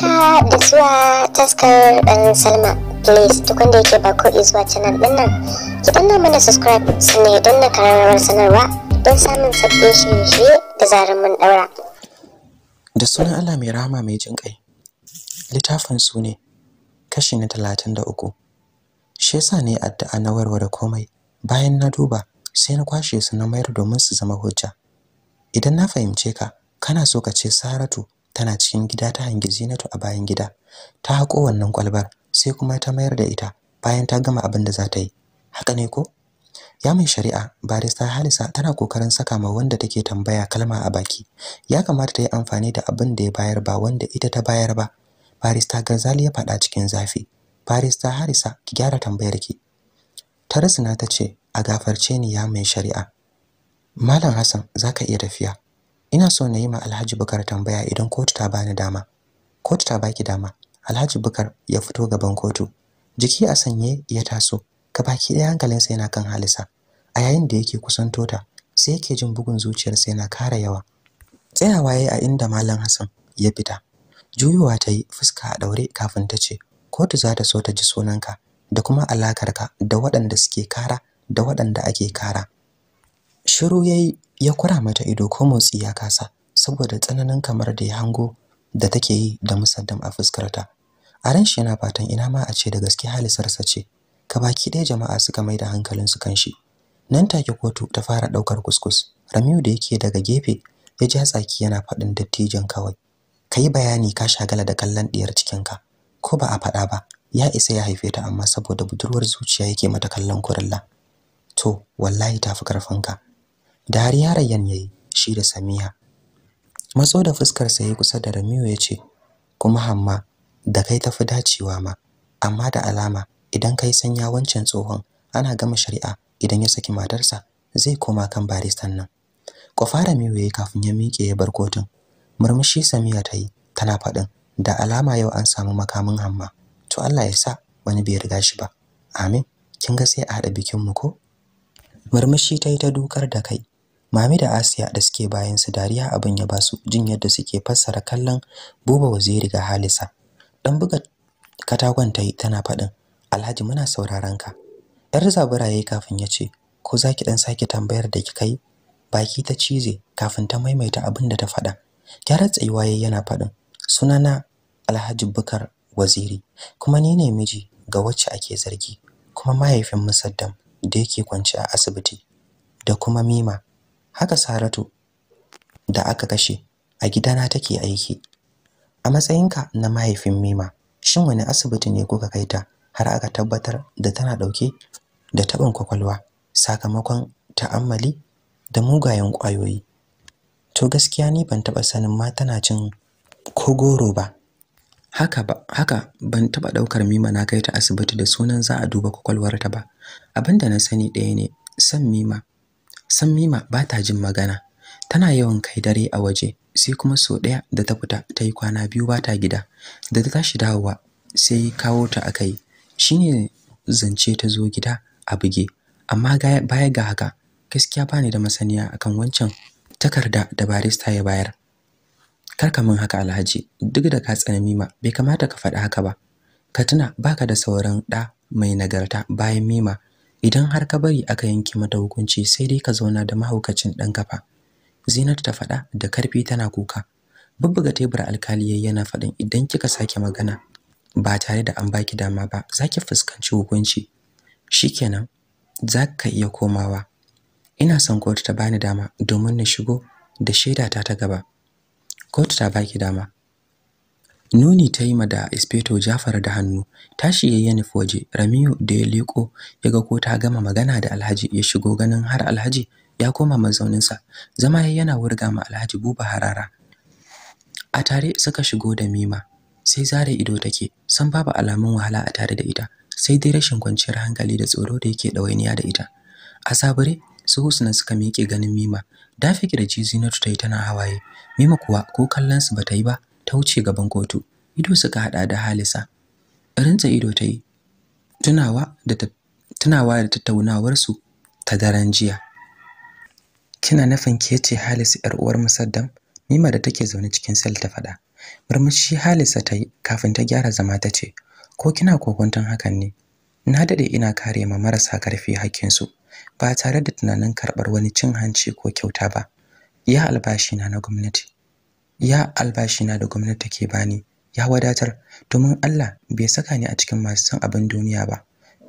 haka da zuwa taskar dan salma please duk wanda yake ba ko zuwa canal din nan ki danna mana subscribe sannan ya danna karamar sanarwa don samun sabbin shirye-shirye da zarar mun daura da sunan allah mai rahama mai jin kai littafin su ne kashi na talatin da uku shi yasa ne addu'a na warware komai bayan na duba sai na kwashe su na mayar domin su zama hujja idan na fahimce ka kana so ka ce saratu tana cikin gida ta hangi Zinatu a bayan gida ta hako wannan kwalbar sai kuma ta mayar da ita bayan ta gama abin da za ta yi haka ne ko ya mai shari'a barista Halisa tana kokarin saka ma wanda take tambaya kalma a baki ya kamata ta yi amfani da abin da ya bayar ba wanda ita ta bayar ba barista Garzali ya faɗa cikin zafi barista Halisa ki gyara tambayar ki tarasina ta ce a gafarce ni ya mai shari'a Malam Hassan zaka iya tafiya ina so na yi ma Alhaji Bukar tambaya idan kotu ta bani dama kotu ta baki dama Alhaji Bukar ya fito gaban kotu jiki a sanye ya taso gabaki ɗaya hankalinsa yana kan Halisa a yayin da yake kusan tota sai yake jin bugun zuciyarsa yana kara yawa tsayawa yayi a inda Malam Hassan ya fita Juyuwa ta yi fuska a daure kafin ta ce kotu za ta so ta ji sunanka da kuma alakarka da waɗanda suke kara da waɗanda ake kara Shiru yayi ya kura mata ido ko motsi ya kasa saboda tsananin kamar da ya hango da take yi da musaddam a fuskarta. A ran shi yana fatan ina ma a ce da gaske halisar sa ce. Ka baki ɗaya jama'a suka mai da hankalin su kan shi. Nan take kotu ta fara ɗaukar kuskus. Ramiu da yake daga gefe ya ja tsaki yana faɗin dattijan kawai. Ka bayani ka shagala da kallon ɗiyar ka Ko ba a faɗa ba, ya isa ya haife ta amma saboda budurwar zuciya yake mata kallon kurilla. To, wallahi ta fi da har yarayan yayi shi da samiya. matso da fuskar sa yayi kusa da Ramiu ce, kuma hamma da kai tafi dacewa ma amma da alama idan kai sanya wancan tsohon ana gama shari'a idan ya saki matarsa zai koma kan baristan nan kofara ya yayi kafin ya miƙe ya bar kotun murmushi Samiya ta yi tana faɗin da alama yau an samu makamin hamma to Allah ya sa wani bai riga shi ba amin kin ga sai a haɗa bikin mu ko murmushi ta yi ta dukar da kai Mami da Asiya da suke bayan su dariya abin ya basu jin yadda suke fassara kallon Buba Waziri ga Halisa. Dan buga katakon ta yi tana faɗin, Alhaji muna sauraron ka. Yar zabura yayi kafin ya ce, ko za ki dan sake tambayar da kai Baki ta cize kafin ta maimaita abin da ta faɗa. gyara tsayuwa yayi yana faɗin, sunana Alhaji Bukar Waziri, kuma ni ne miji ga wacce ake zargi, kuma mahaifin Musaddam da yake kwance a asibiti, da kuma Mima haka Saratu da aka kashe a gidana take aiki a matsayinka na mahaifin Mima shin wani asibiti ne kuka kai ta har aka tabbatar da tana dauke da taban kwakwalwa sakamakon ta'ammali da mugayen kwayoyi to gaskiya ni ban taba sanin ma tana cin kogoro ba haka ba haka ban taba daukar Mima na kai ta asibiti da sunan za a duba kwakwalwar ta ba abinda na sani ɗaya ne san Mima san mima ba ta jin magana tana yawan kai dare a waje sai kuma so ɗaya da ta fita ta yi kwana biyu ba ta gida da ta tashi dawowa sai kawo ta kai. Shi shine zance ta zo gida a buge amma baya ga haka gaskiya ba ni da masaniya akan wancan takarda da barista ya bayar kar ka min haka alhaji duk da ka tsana mima bai kamata ka faɗi haka ba ka tuna baka da sauran ɗa mai nagarta bayan mima idan har ka bari aka yanke mata hukunci sai dai ka zauna da mahaukacin ɗan kafa Zinat ta faɗa da karfi tana kuka bubbuga tebur alkali yana faɗin idan kika sake magana ba tare da an baki dama ba za ki fuskanci hukunci shikenan ka iya komawa ina son kotu ta bani dama domin na shigo da shaidata ta gaba kotu ta baki dama nuni ta yi ma da Inspector Jafar da hannu tashi yayi nufi waje Ramiu da ya leko ya ga ko ta gama magana da Alhaji ya shigo ganin har Alhaji ya koma mazauninsa zama yayi yana wurga ma Alhaji Buba harara a tare suka shigo da Mima sai zare ido take san babu alamun wahala a tare da ita sai dai rashin kwanciyar hankali da tsoro da yake ɗawainiya da ita a sabure su Husna suka miƙe ganin Mima dafi kirji Zinatu tayi tana hawaye Mima kuwa ko kallon su bata yi ba ta wuce gaban kotu ido suka hada da halisa Rinta ido ta yi tunawa da tunawa da tattaunawarsu ta daren jiya kina nufin ke ce halisa yar uwar musaddam nima da take zaune cikin sel ta faɗa murmushi halisa ta yi kafin ta gyara zama ta ce ko kina kokonton hakan ne na dade ina kare ma marasa karfi hakkin su ba tare da tunanin karɓar wani cin hanci ko kyauta ba ya albashi na na gwamnati ya albashina da gwamnati take bani ya wadatar domin Allah bai saka ni a cikin masu san abin duniya ba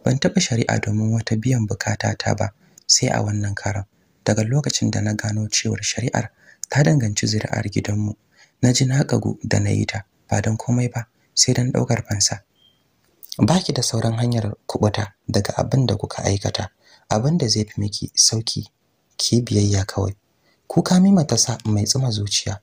ban taɓa shari'a domin wata biyan bukata ta ba sai a wannan karan daga lokacin da na gano cewar shari'ar ta danganci zuri'ar gidanmu na ji na kagu da na yi ta ba don komai ba sai don ɗaukar fansa baki da sauran hanyar kubuta daga abin da kuka aikata abin da zai fi miki sauki ki biyayya kawai kuka mimata sa mai tsima zuciya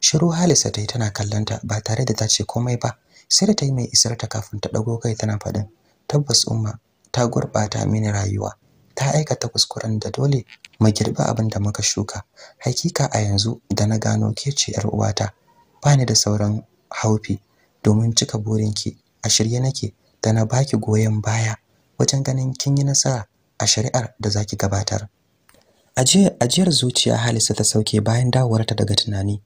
Shiru Halisa ta yi tana kallonta ba tare da ta ce komai ba. Sai da ta yi mai isar ta kafin ta ɗago kai tana faɗin. Tabbas Umma ta gurɓata mini rayuwa. Ta aikata kuskuren da dole mu girbi abin da muka shuka. Hakika a yanzu da na gano ke ce ‘yar uwata. Ba ni da sauran haufi domin cika burinki. A shirye nake da na baki goyon baya wajen ganin kin yi nasara a shari'ar da zaki gabatar. Ajiyar zuciya Halisa ta sauke bayan dawowarta daga tunani.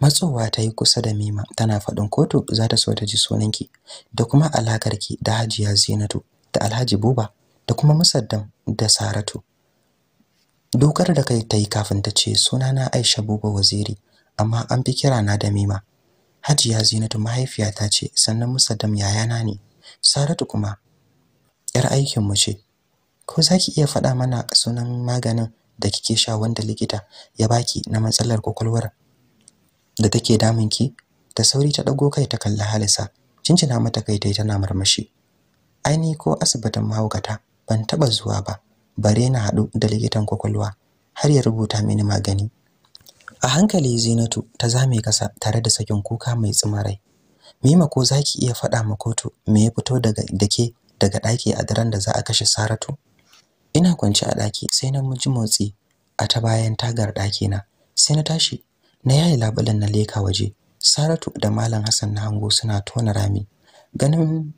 matsowa ta yi kusa da mima tana faɗin kotu za ta so ta ji sunanki da kuma alakarki da hajiya zinatu da alhaji buba da kuma musaddam da saratu dokar da kai ta yi kafin ta ce sunana aisha buba waziri amma an fi kira na da mima hajiya zinatu mahaifiyata ce sannan musaddam yayana ne saratu kuma yar aikinmu ce ko za ki iya faɗa mana sunan maganin da kike sha wanda likita ya baki na matsalar kwakwalwar da take damun ki da sauri ta dago kai ta kalli Halisa cincina mata kai tai tana murmushi aini ko asibitin mahaukata ban taba zuwa ba bare na hadu da likitan kwakwalwa har ya rubuta mini magani a hankali Zinatu ta zame kasa tare da sakin kuka mai tsimarai Mima ko zaki iya faɗa ma kotu me ya fito daga dake daga daki a daren da za a kashe Saratu? Ina kwance a ɗaki sai na ji motsi a ta bayan tagar ɗaki na. Sai na tashi na yayi labulen na leka waje saratu da malam hassan na hango suna tona rami ganin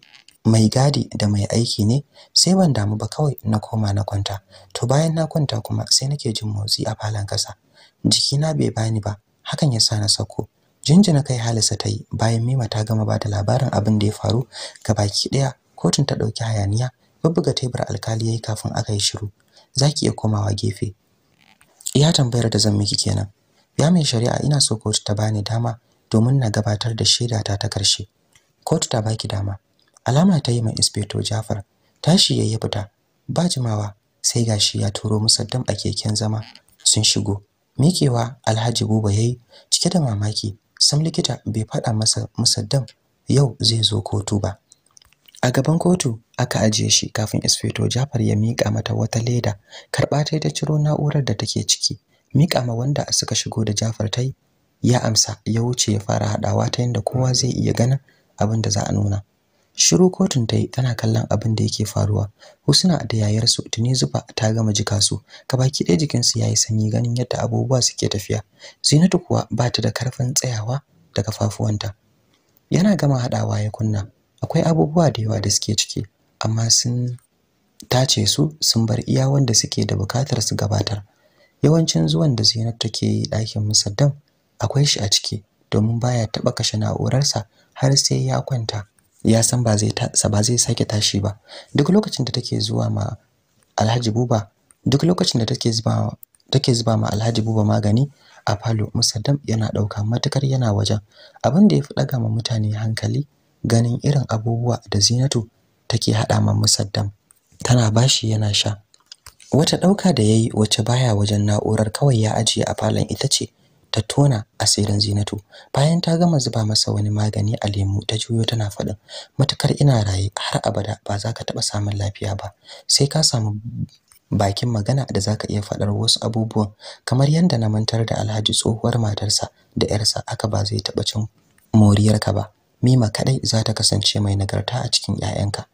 mai gadi da mai aiki ne sai ban damu ba kawai na koma na kwanta to bayan na kwanta kuma sai nake jin motsi a falon kasa jikina bai bani ba hakan ya sa na sako jinjina kai halisa ta yi bayan mima ta gama ba da labarin abin da ya faru ga baki ɗaya kotun ta ɗauki hayaniya bubbuga tebur alkali ya yi kafin aka yi shiru za ki iya komawa gefe iya tambayar da zan miki kenan ya mai shari'a ina so kotu ta bani dama domin na gabatar da shaida ta ta karshe kotu ta baki dama alama ta yi ma inspector Jafar tashi yayi fita ba jimawa sai gashi ya turo musaddam a keken zama sun shigo mikewa Alhaji Buba yayi cike da mamaki sam likita bai faɗa masa musaddam yau zai zo kotu ba a gaban kotu aka ajiye shi kafin inspector Jafar ya miƙa mata wata leda karba ta ciro na'urar da take ciki mika ma wanda suka shigo da Jafar tai ya amsa ya wuce ya fara hadawa ta yanda kowa zai iya ganin abin da za a nuna shiru kotun tai tana kallon abin da yake faruwa husna da yayar su tuni zuba ta gama jika su kabaki ɗaya jikin su yayi sanyi ganin yadda abubuwa suke tafiya zinatu kuwa ba ta da karfin tsayawa da kafafuwanta yana gama hadawa ya kunna akwai abubuwa da yawa da suke ciki amma sun tace su sun bar iya wanda suke da bukatar su gabatar yawancin zuwan da Zainab take yi ɗakin Musaddam akwai shi a ciki domin baya taɓa kashe na'urarsa har sai ya kwanta ya san ba zai ba zai sake tashi ba duk lokacin da take zuwa ma Alhaji Buba duk lokacin da take zuba take zuba ma Alhaji Buba magani a falo Musaddam yana ɗauka matukar yana wajen abin da ya fi ɗaga ma mutane hankali ganin irin abubuwa da Zinatu take haɗa ma Musaddam tana bashi yana sha wata ɗauka da ya yi wacce baya wajen na'urar kawai ya ajiye a falon ita ce ta tona asirin zinatu bayan ta gama zuba masa wani magani a lemu ta juyo tana faɗin matukar ina raye har abada ba za ka taɓa samun lafiya ba sai ka samu bakin magana da za ka iya faɗar wasu abubuwan kamar yadda na mantar da alhaji tsohuwar matarsa da yarsa aka ba zai taɓa cin moriyarka ba mima kaɗai za ta kasance mai nagarta a cikin 'ya'yanka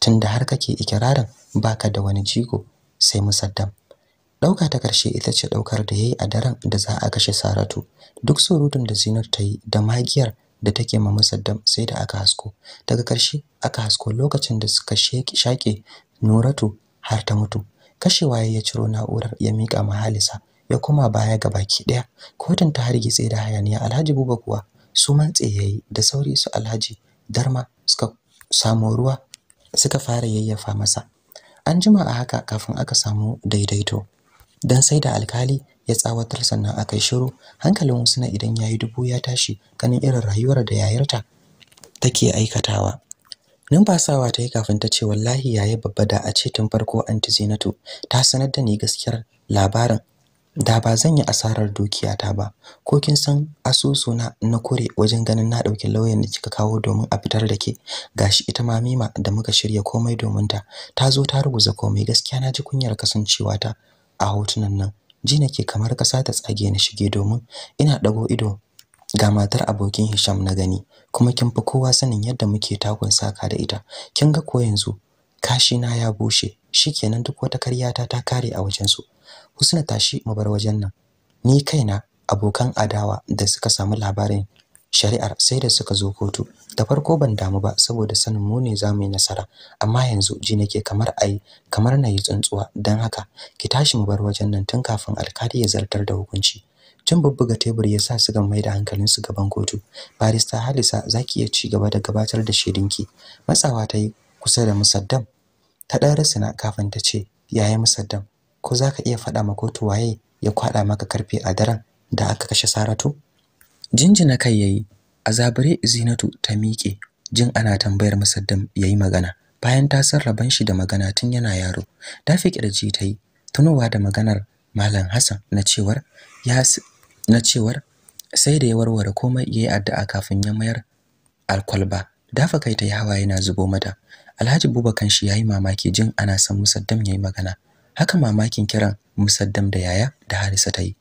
tunda har kake ikirarin baka da wani jigo sai musaddam dauka ta karshe ita ce daukar da yayi a daren da za a kashe Saratu duk surutun da zinar ta yi da magiyar da take ma musaddam sai da aka hasko daga karshe aka hasko lokacin da suka sheki shake Nuratu har ta mutu kashewa ya ciro na'urar ya mika mahalisa ya kuma baya ga baki daya kotun ta hargitse da hayaniya Alhaji Buba kuwa su mantse yayi da sauri su Alhaji Darma suka samo ruwa suka fara yayyafa masa an jima a haka kafin aka samu daidaito dan sai da alkali ya tsawatar sannan aka yi shiru hankalin na idan yayi dubu ya tashi ganin irin rayuwar da yayarta take aikatawa numfasawa ta yi kafin ta ce wallahi yaya babba da a ce tun farko anti Zinatu ta sanar da ni gaskiyar labarin da ba zan yi asarar dukiyata ba ko kin san asusuna na kure wajen ganin na dauki lauyan da kika kawo domin a fitar da ke gashi ita ma mima da muka shirya komai domin ta ta zo ta ruguza komai gaskiya na ji kunyar kasancewa ta a hotunan nan ji nake kamar kasa ta tsage ni shige domin ina dago ido ga matar abokin Hisham na gani kuma kin fi kowa sanin yadda muke takun saka da ita kin ga ko yanzu kashi na ya bushe shikenan duk wata karyata ta kare a wajen su na tashi mu bar wajen nan. Ni kaina abokan adawa da suka samu labarin shari'ar sai da suka zo kotu. Da farko ban damu ba saboda sanin mu ne zamu yi nasara, amma yanzu ji nake kamar ai kamar na yi tsuntsuwa don haka ki tashi mu bar wajen nan tun kafin alkali ya zartar da hukunci. tun bubbuga tebur ya sa su mai da su gaban kotu. Barista Halisa za ki iya ci gaba da gabatar da shedinki. Matsawa ta yi kusa da Musaddam. Ta ɗan rasina kafin ta ce, yaya Musaddam, ko za ka iya faɗa ma kotu waye ya kwaɗa maka karfe a daren da aka kashe Saratu? Jinjina kai yayi, azabare Zinatu ta miƙe, jin ana tambayar Musaddam yayi magana. Bayan ta san raban shi da magana tun yana yaro, ta fi kirji ta yi, tunowa da maganar Malam Hassan na cewar ya na cewar sai da ya warware komai yayi addu'a kafin ya mayar alkwalba. Dafa kai ta yi hawa yana zubo mata. Alhaji Buba kan shi yayi mamaki jin ana san Musaddam yayi magana. haka mamakin kiran musaddam da yaya da harisa ta yi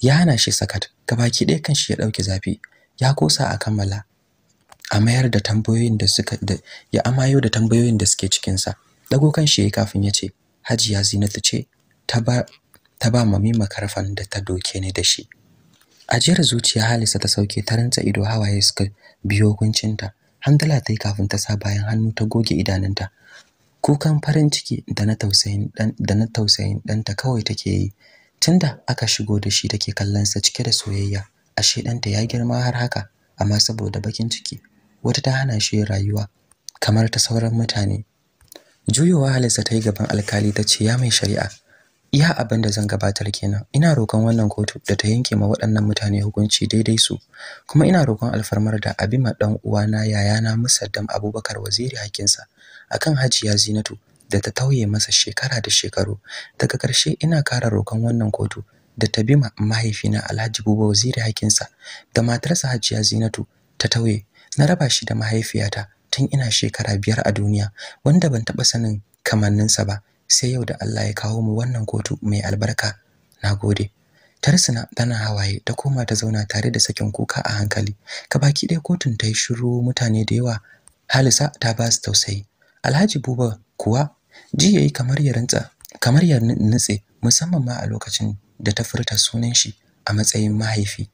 ya hana shi sakat gabaki ɗaya kan shi ya ɗauki zafi ya kosa a kammala a mayar da tambayoyin da suka da ya amayo da tambayoyin da suke cikin sa dago kan shi kafin ya ce hajiya zinatu ce ta ba ta ba mami makarfan da ta doke ne da shi ajiyar zuciya halisa ta sauke ta rantsa ido hawaye suka biyo kuncinta handala ta yi kafin ta sa bayan hannu ta goge idanunta kukan farin ciki da na tausayin dan da na tausayin ɗanta kawai take yi tunda aka shigo da shi take kallon sa cike da soyayya ashe ɗanta ya girma har haka amma saboda bakin ciki wata ta hana shi rayuwa kamar ta sauran mutane juyowa halinsa ta yi gaban alkali ta ce ya mai shari'a iya abin da zan gabatar kenan ina roƙon wannan kotu da ta yanke ma waɗannan mutane hukunci daidai su kuma ina roƙon alfarmar da abima ɗan uwana yayana musaddam abubakar waziri hakinsa akan Hajiya Zinatu da ta tauye masa shekara da shekaru. Daga ƙarshe ina ƙara roƙon wannan kotu da ta bi mahaifina Alhaji Buba Waziri hakinsa da matarsa Hajiya Zinatu ta tauye. Na raba shi da mahaifiyata tun ina shekara biyar a duniya wanda ban taɓa sanin kamanninsa ba sai yau da Allah ya kawo mu wannan kotu mai albarka. Na Nagode. Tarsina tana hawaye ta koma ta zauna tare da sakin kuka a hankali. Ka baki ɗaya kotun ta yi shiru mutane da yawa. Halisa ta ba su tausayi. Alhaji Buba kuwa ji yayi kamar ya rantsa kamar ya nutse musamman ma a lokacin da ta furta sunan shi a matsayin mahaifi.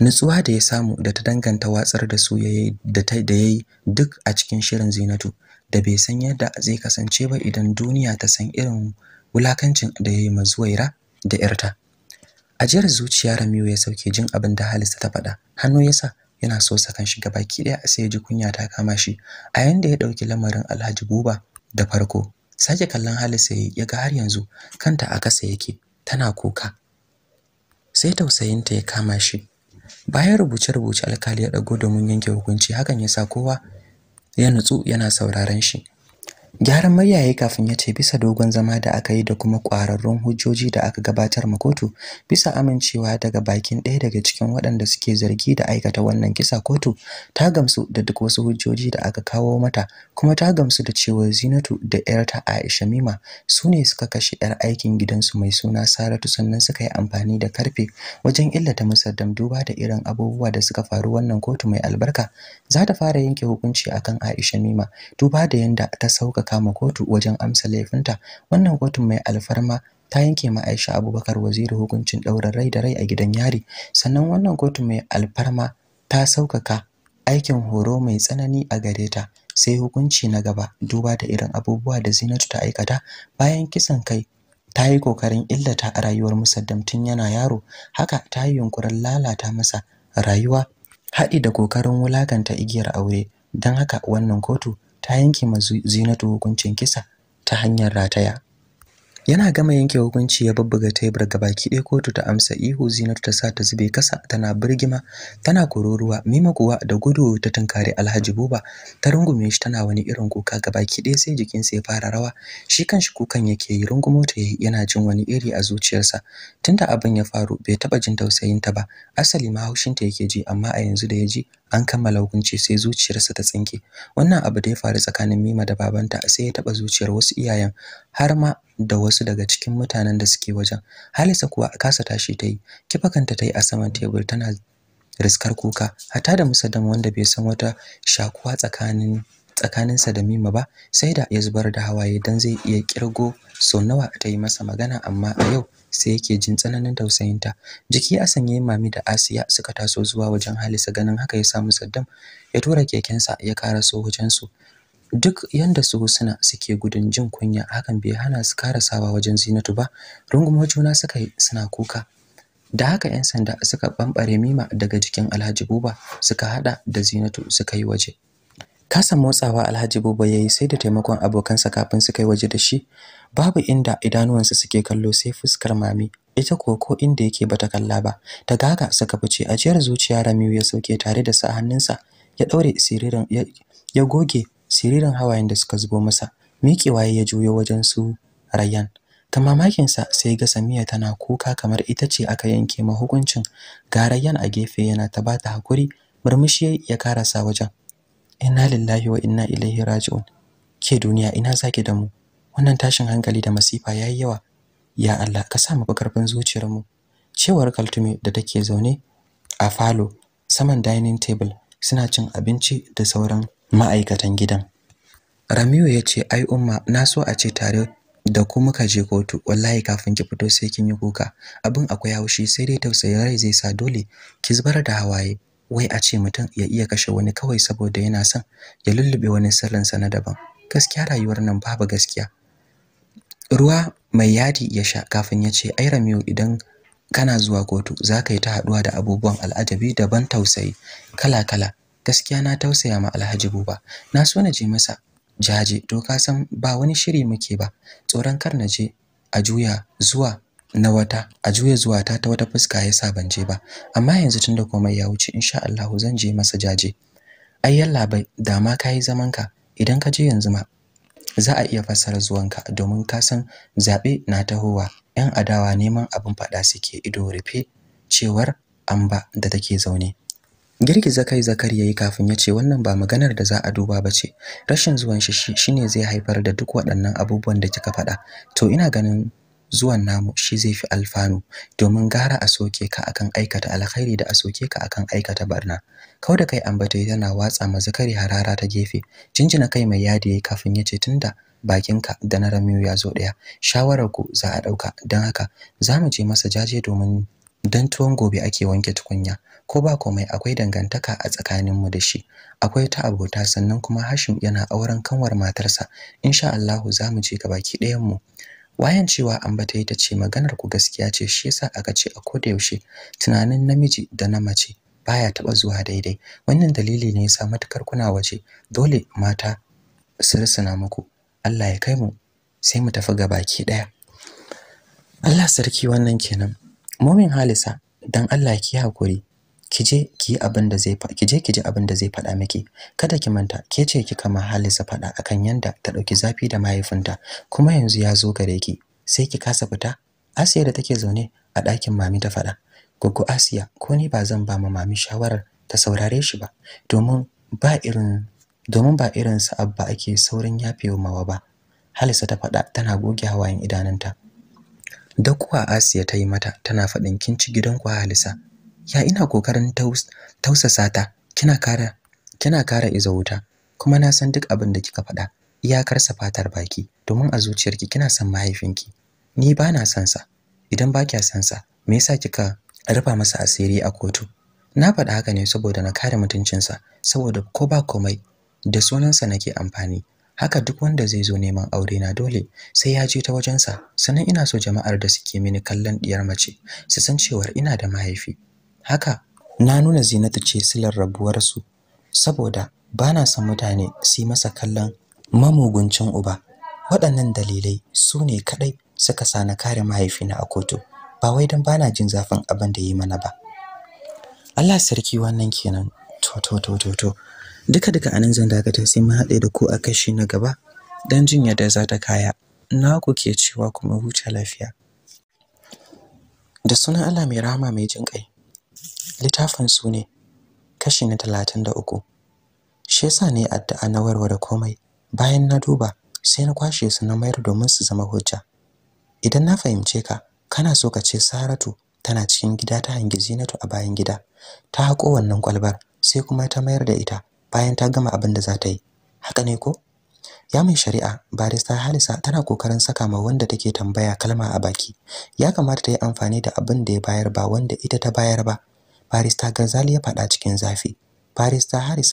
Nutsuwa da ya samu da ta danganta watsar da su yayi da ta da yayi duk a cikin shirin Zinatu da bai san yadda zai kasance ba idan duniya ta san irin wulakancin da yayi ma Zuwaira da 'yarta. Ajiyar zuciya Ramiyo ya sauke jin abin da Halisa ta faɗa. Hannu ya sa yana so sakan shi gabaki daya sai ya ji kunya ta kama shi a yanda ya dauki lamarin Alhaji Buba da farko sake kallon Halisa ya ga har yanzu kanta a kasa yake tana kuka sai tausayinta ya kama shi bayan rubuce-rubuce alkali ya dago domin yanke hukunci hakan yasa kowa ya nutsu yana sauraron shi gyaran murya yayi kafin ya ce bisa dogon zama da aka yi da kuma ƙwararrun hujjoji da aka gabatar ma kotu bisa amincewa daga bakin ɗaya daga cikin waɗanda suke zargi da aikata wannan kisa kotu ta gamsu da duk wasu hujjoji da aka kawo mata kuma ta gamsu da cewa Zinatu da 'yarta Aisha Mima su ne suka kashe 'yar aikin gidansu mai suna Saratu sannan suka yi amfani da karfe wajen illata musaddam duba da irin abubuwa da suka faru wannan kotu mai albarka za ta fara yanke hukunci akan Aisha Mima duba da yanda ta sauka Kama kotu wajen amsa laifinta wannan kotun mai alfarma ta yanke ma Aisha Abubakar Waziri hukuncin ɗaurin rai da rai a gidan yari sannan wannan kotun mai alfarma ta saukaka aikin horo mai tsanani a gare ta sai hukunci na gaba duba da irin abubuwa da Zinatu ta aikata bayan kisan kai ta yi kokarin illata a rayuwar Musaddam tun yana yaro haka ta yi yunkurin lalata masa rayuwa haɗi da kokarin wulakanta igiyar aure don haka wannan kotu ta yanke ma Zinatu hukuncin kisa ta hanyar rataya. yana gama yanke hukunci ya bubbuga tebur baki ɗaya kotu ta amsa ihu zinatu ta sa ta zube kasa tana birgima tana kururuwa mima kuwa da gudu ta tunkari alhaji buba ta rungume shi tana wani irin kuka baki ɗaya sai jikinsa ya fara rawa shi kanshi kukan yake yi rungumo ta yayi yana jin wani iri a zuciyarsa tunda abin ya faru bai taɓa jin tausayinta ba asali ma haushinta yake ji amma a yanzu da ya ji an kammala hukunci sai zuciyarsa ta tsinke wannan abu da ya faru tsakanin mima da babanta sai ya taɓa zuciyar wasu iyayen har ma da wasu daga cikin mutanen da suke wajen halisa kuwa a kasa tashi ta yi kifakanta ta yi a saman tebur tana riskar kuka hata da musaddam wanda bai san wata shakuwa tsakanin tsakaninsa da mima ba sai da ya zubar da hawaye dan zai iya kirgo sau nawa ta yi masa magana amma a yau sai yake jin tsananin tausayinta jiki a sanye mami da asiya suka taso zuwa wajen halisa ganin haka ya samu saddam ya tura kekensa ya karaso wajensu duk yanda su suna suke gudun jin kunya hakan bai hana su karasawa wajen zinatu ba rungumo juna suka yi suna kuka da haka 'yan sanda suka bambare mima daga jikin alhaji buba suka hada da zinatu suka yi waje kasa motsawa alhaji buba ya yi sai da taimakon abokansa kafin suka yi waje da shi babu inda idanuwansa suke kallo sai fuskar mami ita ko ko inda yake bata kalla ba daga haka suka fice ajiyar zuciya ramiyu ya sauke tare da sa hannunsa ya daure siririn ya goge siririn hawayen da suka zubo masa miƙewa ya juyo wajen su Rayyan ta mamakinsa sai ga Samiya tana kuka kamar ita ce aka yanke ma hukuncin ga Rayyan a gefe yana ta bata hakuri murmushi ya karasa wajen inna lillahi wa inna ilaihi raji'un ke duniya ina zaki da mu wannan tashin hankali da masifa yayi yawa ya Allah ka sa mu karfin zuciyar mu cewar Kaltume da take zaune a falo saman dining table suna cin abinci da sauran ma'aikatan gidan Ramiyu ya ce ai umma na so a ce tare da ku muka je kotu wallahi kafin ki fito sai kin yi kuka abin akwai haushi sai dai tausayin rai zai sa dole ki zubar da hawaye wai a ce mutum ya iya kashe wani kawai saboda yana son ya lullube wani sirrinsa na daban gaskiya rayuwar nan babu gaskiya ruwa mai yadi ya sha kafin ya ce ai Ramiyu idan kana zuwa kotu za ka yi ta haɗuwa da abubuwan al'ajabi daban tausayi kala-kala gaskiya na tausaya ma Alhaji Buba na so na je masa jaje to ka san ba wani shiri muke ba tsoron kar na je a juya zuwa na wata a juya zuwa ta ta wata fuska yasa ban je ba amma yanzu tunda komai ya wuce insha Allah zan je masa jaje ai yalla bai da ma kai zaman ka idan ka je yanzu ma za a iya fassara zuwanka domin ka san zabe na tahowa yan adawa neman abin fada suke ido rufe cewar amba da take zaune girgiza kai zakari yayi kafin ya ce wannan ba maganar da za a duba ba ce rashin zuwan shi shine zai haifar da duk waɗannan abubuwan da kika faɗa to ina ganin zuwan namu shi zai fi alfanu domin gara a soke ka akan aikata alkhairi da a soke ka akan aikata barna kau da kai ambata tana watsa ma zakari harara ta gefe jinjina kai mai yadi yayi kafin ya ce tunda ka da na ramiyo ya zo ɗaya shawarar ku za a ɗauka don haka za mu je masa jaje domin dan tuwon gobe ake wanke tukunya ko ba komai akwai dangantaka a tsakanin mu da shi akwai ta abota sannan kuma Hashim yana auren kanwar matarsa insha Allah za mu je gabaki ɗayan mu wayan cewa an bata ita ce maganar ku gaskiya ce shi yasa aka ce a koda yaushe tunanin namiji da na mace baya taba zuwa daidai wannan dalili ne yasa matukar kuna waje dole mata su rusuna muku Allah ya kai mu sai mu tafi gabaki ɗaya Allah sarki wannan kenan mumin halisa dan Allah ki hakuri ki ki abin da zai faɗa kije kije ji abin da zai faɗa miki kada ki manta ke ce kika ma halisa faɗa akan yanda ta ɗauki zafi da mahaifinta kuma yanzu ya zo gare ki sai ki kasa fita Asiya da take zaune a ɗakin mami ta faɗa Goggo Asiya ko ni ba zan ba ma mami shawarar ta saurare shi ba domin ba irin domin ba irin sa abba ake saurin yafewa mawa ba Halisa ta faɗa tana goge hawayen idanunta. Dakuwa Asiya ta yi mata tana faɗin kin ci gidanku Halisa ya ina kokarin tausasa ta kina kara kina kara izo wuta kuma na san duk abin da kika faɗa iyakarsa fatar baki domin a zuciyarki kina san mahaifinki ni ba na son sa idan ba kya san sa me yasa kika rufa masa asiri a kotu na faɗa haka ne saboda na kare mutuncin sa saboda ko ba komai da sunansa nake amfani haka duk wanda zai zo neman aure na dole sai ya je ta wajensa sannan ina so jama'ar da suke mini kallon diyar mace su san cewa ina da mahaifi haka na nuna zinatu ce silar rabuwarsu saboda ba na son mutane su masa kallon mamuguncin uba waɗannan dalilai su ne kaɗai suka sa na kare mahaifina a kotu ba wai don ba na jin zafin abin da yi mana ba Allah sarki wannan kenan to duka duka anan zan dakata sai mun haɗe da ku a kashi na gaba Don jin yadda za ta kaya na ku ke cewa kuma huta lafiya da sunan Allah mai rahama mai jin kai littafin su ne kashi na talatin da uku shi yasa ne addu'a na warware komai bayan na duba sai na kwashe su na mayar domin su zama hujja idan na fahimce ka kana so ka ce saratu tana cikin gida ta hangi zinatu a bayan gida ta haƙo wannan kwalbar sai kuma ta mayar da ita bayan ta gama abin da za ta yi haka ne ko ya mai shari'a barista halisa tana kokarin saka ma wanda take tambaya kalma a baki ya kamata ta yi amfani da abin da ya bayar ba wanda ita ta bayar ba barista gazali ya faɗa cikin zafi barista Harris